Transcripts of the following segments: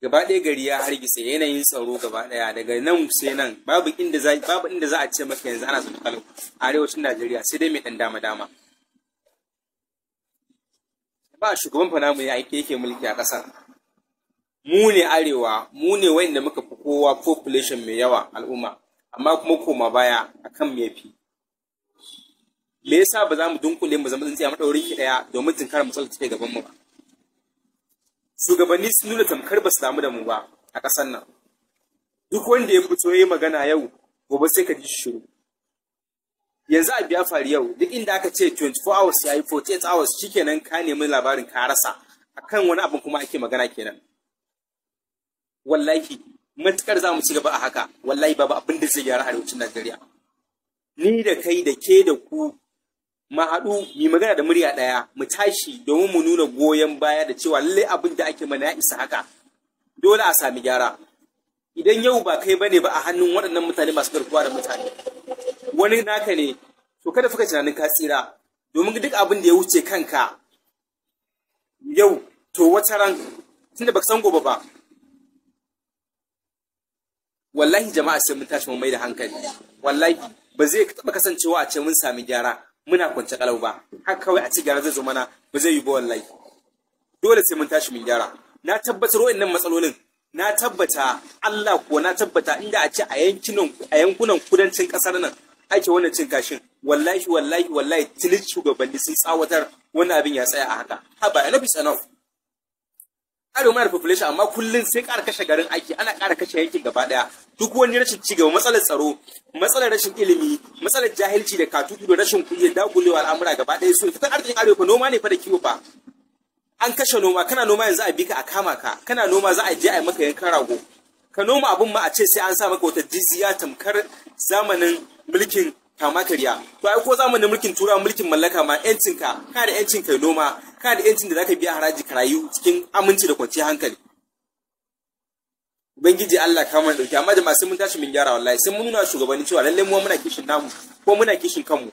gaba ɗaya gari ya hargitse yanayin tsaro gaba ɗaya daga nan sai nan babu inda za babu inda za a ce maka yanzu ana tsaro kalau arewacin Najeriya sai dai mai dan dama dama ba shugaban fa namu ya aike yake mulki a ƙasar mu ne arewa mu ne wanda muka fi kowa population mai yawa al'umma amma kuma koma baya akan me fi me yasa ba za mu dunkule mu zama tsintsiya madaurin ki daya domin tinkar tsalle take gaban mu ba shugabanni sun nuna tamkar ba su damu da mu ba a ƙasar nan duk wanda ya fito ya yi magana yau gobe sai ka ji shiru yanzu a biya fari yau duk inda aka ce 24 hours ya yi 48 hours shikenan ka nemi labarin ka rasa akan wani abin kuma ake magana kenan wallahi matukar za mu ci gaba a haka wallahi babu abin da zai gyara arewacin Najeriya ni da kai da ke da ku mu haɗu mu magana da murya ɗaya mu tashi domin mu nuna goyon baya da cewa lallai abin da ake mana ya isa haka dole a sami gyara idan yau ba kai bane ba a hannun waɗannan mutane masu garkuwa da mutane wani naka ne to kada fuka tunanin ka tsira domin duk abin da ya wuce kanka yau to wata ran tunda baka san gobe ba wallahi jama'a sai mun tashi mu mai da hankali wallahi ba zai taba kasancewa a ce mun sami gyara muna kwance kalau ba haka kawai a cigara zai zo mana ba zai yi ba wallahi dole sai mun tashi mun gyara na tabbatar wa'annan matsalolin na tabbata Allah ko na tabbata inda a ce a yankunan a yankunan kudancin kasar nan ake wannan cin kashin wallahi wallahi wallahi tilit shugabanni sun tsawatar wannan abin ya tsaya a haka haba enough is enough arewa muna da population amma kullum sai ƙara kashe garin aiki ana ƙara kashe yankin gaba ɗaya duk wani rashin ci gaba matsalar tsaro matsalar rashin ilimi matsalar jahilci da katutu da rashin kuɗi da dagulewa al'amura gaba ɗaya su ta arzikin arewa noma ne fa da kiwo fa an kashe noma kana noma yanzu a bi ka a kama ka kana noma za a je a maka yankan rago ka noma abun ma a ce sai an sa maka wata ya tamkar zamanin mulkin kama karya to ai ko zamanin mulkin tura mulkin mallaka ma yancin ka kana da yancin kai noma kana da yancin da zaka biya haraji ka rayu cikin aminci da kwanciyar hankali ubangiji Allah ka mana dauki amma jama'a sai mun tashi mun gyara wallahi sai mun nuna shugabanni cewa lalle mu muna kishin namu ko muna kishin kanmu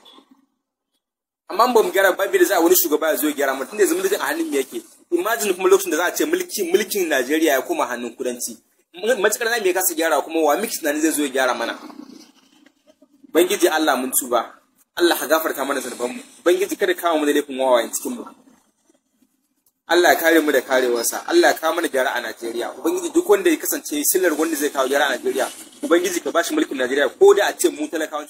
amma ba mu gyara babu da za a wani shugaba ya zo gyara mu tunda yanzu mulkin a hannun mu yake imagine kuma lokacin da za a ce mulki mulkin Najeriya ya koma hannun kudanci matukar za mu kasa gyara kuma wa miki tunanin zai zo ya gyara mana ubangiji Allah mun tuba Allah ka gafarta mana zarban mu bangiji kada kawo mu da laifin wawayen cikin mu Allah ya kare mu da karewarsa Allah ya kawo mana gyara a Najeriya ubangiji duk wanda ya kasance silar wanda zai kawo gyara a Najeriya ubangiji ka bashi mulkin Najeriya ko da a ce mu talakawan